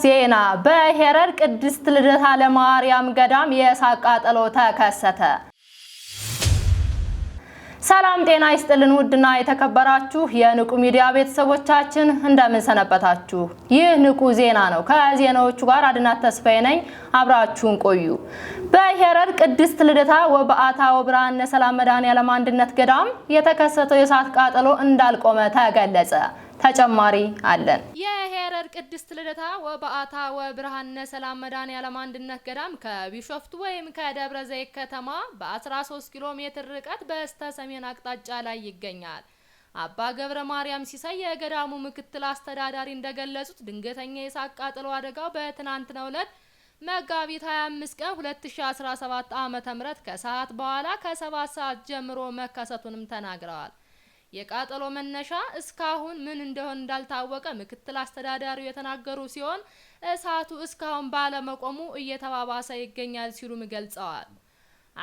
ዜና በሄረር ቅድስት ልደታ ለማርያም ገዳም የእሳት ቃጠሎ ተከሰተ። ሰላም ጤና ይስጥልን ውድና የተከበራችሁ የንቁ ሚዲያ ቤተሰቦቻችን እንደምን ሰነበታችሁ? ይህ ንቁ ዜና ነው። ከዜናዎቹ ጋር አድናት ተስፋዬ ነኝ። አብራችሁን ቆዩ። በሄረር ቅድስት ልደታ ወበአታ ወብርሃነ ሰላም መድኃኔዓለም አንድነት ገዳም የተከሰተው የእሳት ቃጠሎ እንዳልቆመ ተገለጸ። ተጨማሪ አለን። የሄረር ቅድስት ልደታ ወበአታ ወብርሃነ ሰላም መድኃኔዓለም አንድነት ገዳም ከቢሾፍቱ ወይም ከደብረ ዘይት ከተማ በ13 ኪሎ ሜትር ርቀት በስተ ሰሜን አቅጣጫ ላይ ይገኛል። አባ ገብረ ማርያም ሲሳይ የገዳሙ ምክትል አስተዳዳሪ እንደገለጹት ድንገተኛ የእሳት ቃጠሎ አደጋው በትናንትናው ዕለት መጋቢት 25 ቀን 2017 ዓ.ም ከሰዓት በኋላ ከሰባት ሰዓት ጀምሮ መከሰቱንም ተናግረዋል። የቃጠሎ መነሻ እስካሁን ምን እንደሆነ እንዳልታወቀ ምክትል አስተዳዳሪው የተናገሩ ሲሆን እሳቱ እስካሁን ባለመቆሙ እየተባባሰ ይገኛል ሲሉም ገልጸዋል።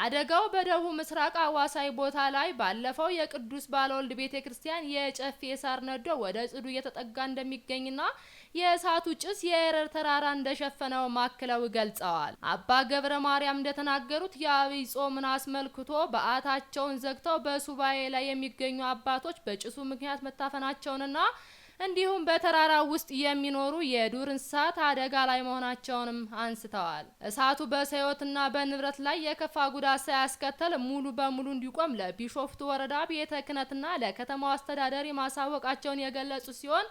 አደጋው በደቡብ ምስራቅ አዋሳኝ ቦታ ላይ ባለፈው የቅዱስ ባለወልድ ቤተ ክርስቲያን የጨፌ ሳር ነዶ ወደ ጽዱ እየተጠጋ እንደሚገኝና የእሳቱ ጭስ የኤረር ተራራ እንደሸፈነው ማክለው ገልጸዋል። አባ ገብረ ማርያም እንደተናገሩት የአብይ ጾምን አስመልክቶ በዓታቸውን ዘግተው በሱባኤ ላይ የሚገኙ አባቶች በጭሱ ምክንያት መታፈናቸውንና እንዲሁም በተራራ ውስጥ የሚኖሩ የዱር እንስሳት አደጋ ላይ መሆናቸውንም አንስተዋል። እሳቱ በሰዎችና በንብረት ላይ የከፋ ጉዳት ሳያስከተል ሙሉ በሙሉ እንዲቆም ለቢሾፍቱ ወረዳ ቤተ ክህነትና ለከተማው አስተዳደር ማሳወቃቸውን የገለጹ ሲሆን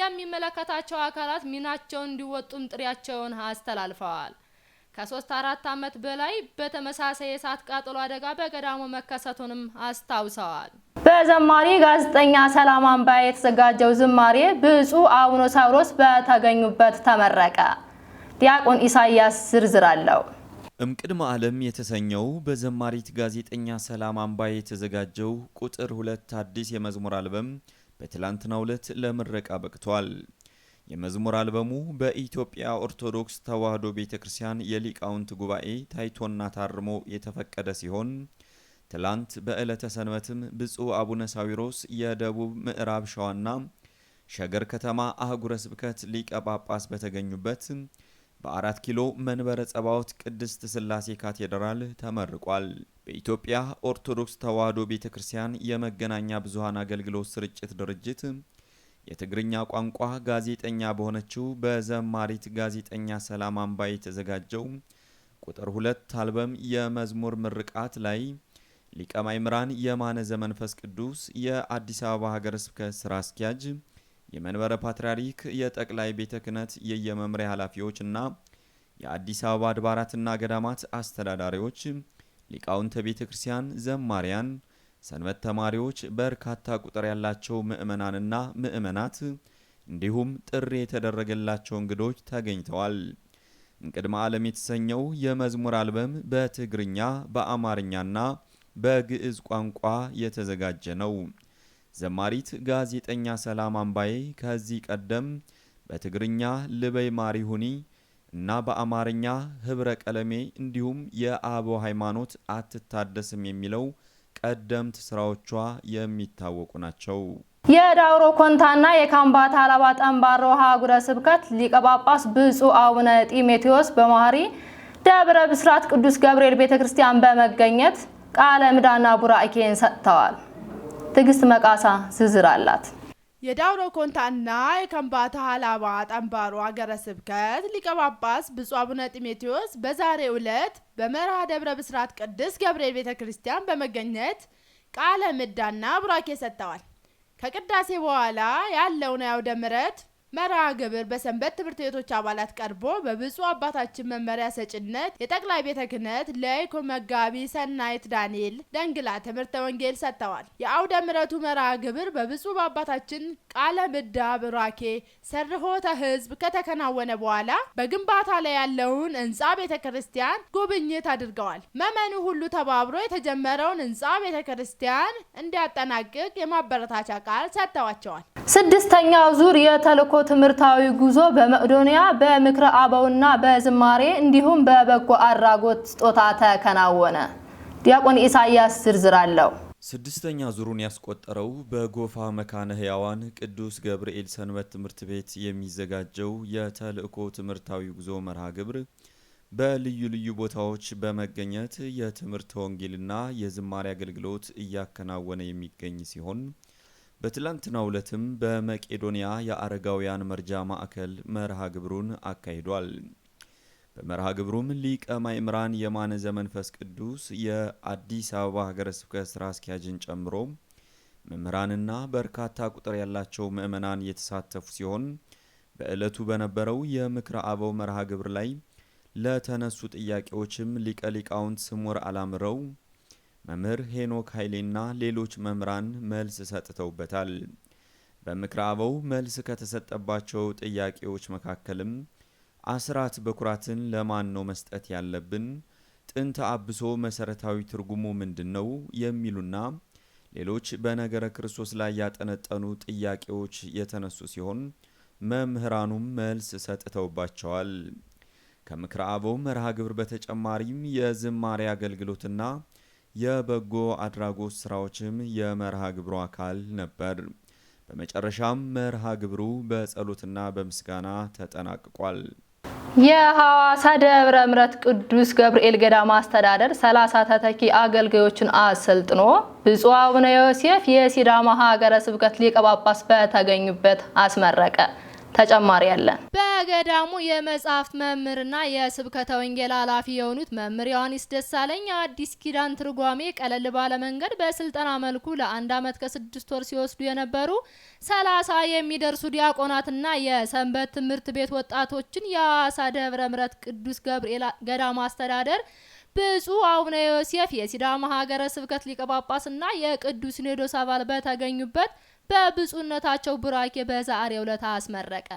የሚመለከታቸው አካላት ሚናቸውን እንዲወጡም ጥሪያቸውን አስተላልፈዋል። ከሶስት አራት ዓመት በላይ በተመሳሳይ የእሳት ቃጠሎ አደጋ በገዳሙ መከሰቱንም አስታውሰዋል። በዘማሪ ጋዜጠኛ ሰላም አንባ የተዘጋጀው ዝማሬ ብፁዕ አቡነ ሳዊሮስ በተገኙበት ተመረቀ። ዲያቆን ኢሳያስ ዝርዝር አለው። እምቅድመ ዓለም የተሰኘው በዘማሪት ጋዜጠኛ ሰላም አንባ የተዘጋጀው ቁጥር ሁለት አዲስ የመዝሙር አልበም በትላንትናው ዕለት ለምረቃ በቅቷል። የመዝሙር አልበሙ በኢትዮጵያ ኦርቶዶክስ ተዋሕዶ ቤተ ክርስቲያን የሊቃውንት ጉባኤ ታይቶና ታርሞ የተፈቀደ ሲሆን ትላንት በዕለተ ሰንበትም ብፁዕ አቡነ ሳዊሮስ የደቡብ ምዕራብ ሸዋና ሸገር ከተማ አህጉረ ስብከት ሊቀ ጳጳስ በተገኙበት በአራት ኪሎ መንበረ ጸባዖት ቅድስት ስላሴ ካቴድራል ተመርቋል። በኢትዮጵያ ኦርቶዶክስ ተዋሕዶ ቤተ ክርስቲያን የመገናኛ ብዙኃን አገልግሎት ስርጭት ድርጅት የትግርኛ ቋንቋ ጋዜጠኛ በሆነችው በዘማሪት ጋዜጠኛ ሰላም አምባ የተዘጋጀው ቁጥር ሁለት አልበም የመዝሙር ምርቃት ላይ ሊቀማይምራን የማነ ዘመንፈስ ቅዱስ የአዲስ አበባ ሀገረ ስብከት ስራ አስኪያጅ፣ የመንበረ ፓትርያርክ የጠቅላይ ቤተ ክህነት የየመምሪያ ኃላፊዎችና የአዲስ አበባ አድባራትና ገዳማት አስተዳዳሪዎች፣ ሊቃውንተ ቤተ ክርስቲያን፣ ዘማሪያን ሰንበት ተማሪዎች በርካታ ቁጥር ያላቸው ምዕመናንና ምዕመናት እንዲሁም ጥሪ የተደረገላቸው እንግዶች ተገኝተዋል። እንቅድመ ዓለም የተሰኘው የመዝሙር አልበም በትግርኛ በአማርኛና በግዕዝ ቋንቋ የተዘጋጀ ነው። ዘማሪት ጋዜጠኛ ሰላም አምባዬ ከዚህ ቀደም በትግርኛ ልበይ ማሪሁኒ እና በአማርኛ ህብረ ቀለሜ እንዲሁም የአበው ሃይማኖት አትታደስም የሚለው ቀደምት ስራዎቿ የሚታወቁ ናቸው። የዳውሮ ኮንታና የካምባታ አላባ ጠንባሮ ሀገረ ስብከት ሊቀ ጳጳስ ብፁዕ አቡነ ጢሞቴዎስ በመሀሪ ደብረ ብስራት ቅዱስ ገብርኤል ቤተ ክርስቲያን በመገኘት ቃለ ምዕዳንና ቡራኬን ሰጥተዋል። ትዕግስት መቃሳ ዝርዝር አላት። የዳውሮ ኮንታና የከምባታ ሀላባ ጠንባሮ ሀገረ ስብከት ሊቀ ጳጳስ ብፁዕ አቡነ ጢሞቴዎስ በዛሬ ዕለት በመርሃ ደብረ ብስራት ቅዱስ ገብርኤል ቤተ ክርስቲያን በመገኘት ቃለ ምዳና ቡራኬ ሰጥተዋል። ከቅዳሴ በኋላ ያለውን አውደ ምሕረት መርሃ ግብር በሰንበት ትምህርት ቤቶች አባላት ቀርቦ በብፁዕ አባታችን መመሪያ ሰጭነት የጠቅላይ ቤተ ክህነት ለይኮ መጋቢ ሰናይት ዳንኤል ደንግላ ትምህርተ ወንጌል ሰጥተዋል። የአውደ ምረቱ መርሃ ግብር በብፁዕ አባታችን ቃለ ምዳ ብራኬ ሰርሆተ ህዝብ ከተከናወነ በኋላ በግንባታ ላይ ያለውን ህንፃ ቤተ ክርስቲያን ጉብኝት አድርገዋል። መመኑ ሁሉ ተባብሮ የተጀመረውን ህንፃ ቤተ ክርስቲያን እንዲያጠናቅቅ የማበረታቻ ቃል ሰጥተዋቸዋል። ስድስተኛው ዙር የተልእኮ ትምህርታዊ ጉዞ በመቄዶንያ በምክረ አበውና በዝማሬ እንዲሁም በበጎ አድራጎት ስጦታ ተከናወነ። ዲያቆን ኢሳያስ ዝርዝር አለው። ስድስተኛ ዙሩን ያስቆጠረው በጎፋ መካነ ሕያዋን ቅዱስ ገብርኤል ሰንበት ትምህርት ቤት የሚዘጋጀው የተልእኮ ትምህርታዊ ጉዞ መርሃ ግብር በልዩ ልዩ ቦታዎች በመገኘት የትምህርት ወንጌልና የዝማሬ አገልግሎት እያከናወነ የሚገኝ ሲሆን በትላንትናው ዕለትም በመቄዶንያ የአረጋውያን መርጃ ማዕከል መርሃ ግብሩን አካሂዷል። በመርሃ ግብሩም ሊቀ ማእምራን የማነ ዘመንፈስ ቅዱስ የአዲስ አበባ ሀገረ ስብከት ስራ አስኪያጅን ጨምሮ መምህራንና በርካታ ቁጥር ያላቸው ምእመናን የተሳተፉ ሲሆን በዕለቱ በነበረው የምክረ አበው መርሃ ግብር ላይ ለተነሱ ጥያቄዎችም ሊቀ ሊቃውንት ስሙር አላምረው መምህር ሄኖክ ኃይሌና ሌሎች መምህራን መልስ ሰጥተውበታል። በምክረ አበው መልስ ከተሰጠባቸው ጥያቄዎች መካከልም አስራት በኩራትን ለማን ነው መስጠት ያለብን? ጥንተ አብሶ መሰረታዊ ትርጉሙ ምንድን ነው? የሚሉና ሌሎች በነገረ ክርስቶስ ላይ ያጠነጠኑ ጥያቄዎች የተነሱ ሲሆን መምህራኑም መልስ ሰጥተውባቸዋል። ከምክረ አበው መርሃ ግብር በተጨማሪም የዝማሬ አገልግሎትና የበጎ አድራጎት ስራዎችም የመርሃ ግብሩ አካል ነበር። በመጨረሻም መርሃ ግብሩ በጸሎትና በምስጋና ተጠናቅቋል። የሐዋሳ ደብረ ምሕረት ቅዱስ ገብርኤል ገዳማ አስተዳደር 30 ተተኪ አገልጋዮችን አሰልጥኖ ብፁዕ አቡነ ዮሴፍ የሲዳማ ሀገረ ስብከት ሊቀ ጳጳስ በተገኙበት አስመረቀ። ተጨማሪ አለ። በገዳሙ የመጽሐፍት መምህርና የስብከተ ወንጌል ኃላፊ የሆኑት መምህር ዮሐንስ ደሳለኝ አዲስ ኪዳን ትርጓሜ ቀለል ባለ መንገድ በስልጠና መልኩ ለአንድ ዓመት ከስድስት ወር ሲወስዱ የነበሩ ሰላሳ የሚደርሱ ዲያቆናትና የሰንበት ትምህርት ቤት ወጣቶችን የአዋሳ ደብረ ምረት ቅዱስ ገብርኤል ገዳም አስተዳደር ብፁዕ አቡነ ዮሴፍ የሲዳማ ሀገረ ስብከት ሊቀ ጳጳስና የቅዱስ ሲኖዶስ አባል በተገኙበት በብፁዕነታቸው ቡራኬ በዛሬው ዕለት አስመረቀ።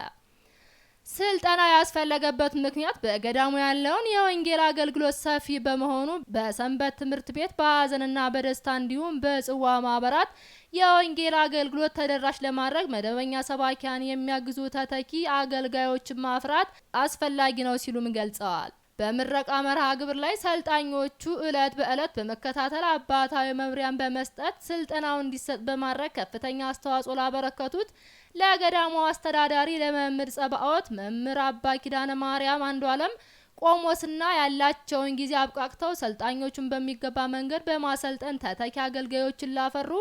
ስልጠና ያስፈለገበት ምክንያት በገዳሙ ያለውን የወንጌል አገልግሎት ሰፊ በመሆኑ በሰንበት ትምህርት ቤት በሀዘንና በደስታ እንዲሁም በጽዋ ማህበራት የወንጌል አገልግሎት ተደራሽ ለማድረግ መደበኛ ሰባኪያን የሚያግዙ ተተኪ አገልጋዮችን ማፍራት አስፈላጊ ነው ሲሉም ገልጸዋል። በምረቃ መርሃ ግብር ላይ ሰልጣኞቹ እለት በእለት በመከታተል አባታዊ መምሪያን በመስጠት ስልጠናው እንዲሰጥ በማድረግ ከፍተኛ አስተዋጽኦ ላበረከቱት ለገዳሙ አስተዳዳሪ ለመምህር ጸባኦት መምህር አባ ኪዳነ ማርያም አንዱ አለም ቆሞስና ያላቸውን ጊዜ አብቃቅተው ሰልጣኞቹን በሚገባ መንገድ በማሰልጠን ተተኪ አገልጋዮችን ላፈሩ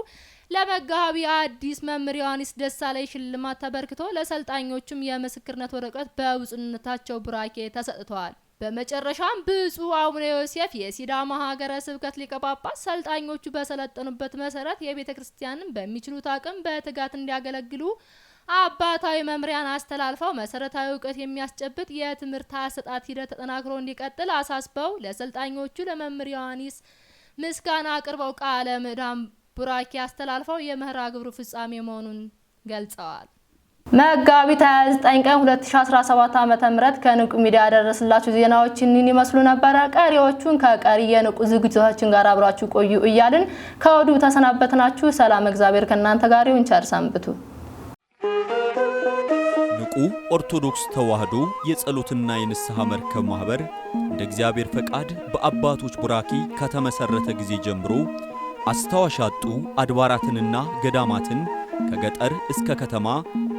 ለመጋቢ አዲስ መምህር ዮሐንስ ደሳለኝ ሽልማት ተበርክቶ ለሰልጣኞቹም የምስክርነት ወረቀት በብፁዕነታቸው ቡራኬ ተሰጥተዋል። በመጨረሻም ብፁዕ አቡነ ዮሴፍ የሲዳማ ሀገረ ስብከት ሊቀ ጳጳስ ሰልጣኞቹ በሰለጠኑበት መሰረት የቤተ ክርስቲያንን በሚችሉት አቅም በትጋት እንዲያገለግሉ አባታዊ መምሪያን አስተላልፈው መሰረታዊ እውቀት የሚያስጨብጥ የትምህርት አሰጣጥ ሂደት ተጠናክሮ እንዲቀጥል አሳስበው ለሰልጣኞቹ ለመምህር ዮሐንስ ምስጋና አቅርበው ቃለ ምዕዳን ቡራኬ አስተላልፈው የመርሃ ግብሩ ፍጻሜ መሆኑን ገልጸዋል። መጋቢት 29 ቀን 2017 ዓ.ም ከንቁ ሚዲያ ያደረስላችሁ ዜናዎች እኒን ይመስሉ ነበረ። ቀሪዎቹን ከቀሪ የንቁ ዝግጅቶችን ጋር አብራችሁ ቆዩ እያልን ከወዲሁ ተሰናበትናችሁ። ሰላም፣ እግዚአብሔር ከእናንተ ጋር ይሁን። ቸር ሰንብቱ። ንቁ ኦርቶዶክስ ተዋህዶ የጸሎትና የንስሐ መርከብ ማኅበር እንደ እግዚአብሔር ፈቃድ በአባቶች ቡራኪ ከተመሠረተ ጊዜ ጀምሮ አስታዋሽ አድባራትንና ገዳማትን ከገጠር እስከ ከተማ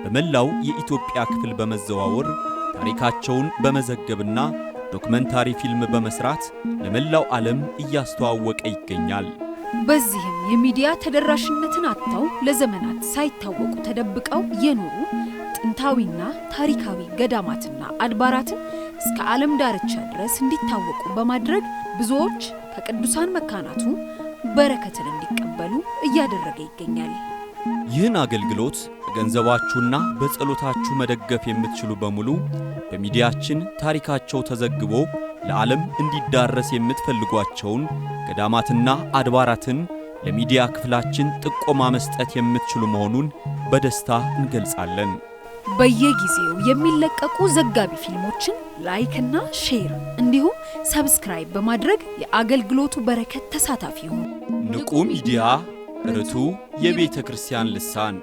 በመላው የኢትዮጵያ ክፍል በመዘዋወር ታሪካቸውን በመዘገብና ዶክመንታሪ ፊልም በመስራት ለመላው ዓለም እያስተዋወቀ ይገኛል። በዚህም የሚዲያ ተደራሽነትን አጥተው ለዘመናት ሳይታወቁ ተደብቀው የኖሩ ጥንታዊና ታሪካዊ ገዳማትና አድባራትን እስከ ዓለም ዳርቻ ድረስ እንዲታወቁ በማድረግ ብዙዎች ከቅዱሳን መካናቱ በረከትን እንዲቀበሉ እያደረገ ይገኛል። ይህን አገልግሎት በገንዘባችሁና በጸሎታችሁ መደገፍ የምትችሉ በሙሉ በሚዲያችን ታሪካቸው ተዘግቦ ለዓለም እንዲዳረስ የምትፈልጓቸውን ገዳማትና አድባራትን ለሚዲያ ክፍላችን ጥቆማ መስጠት የምትችሉ መሆኑን በደስታ እንገልጻለን። በየጊዜው የሚለቀቁ ዘጋቢ ፊልሞችን ላይክና ሼር እንዲሁም ሰብስክራይብ በማድረግ የአገልግሎቱ በረከት ተሳታፊ ይሁኑ። ንቁ ሚዲያ ርቱ የቤተ ክርስቲያን ልሳን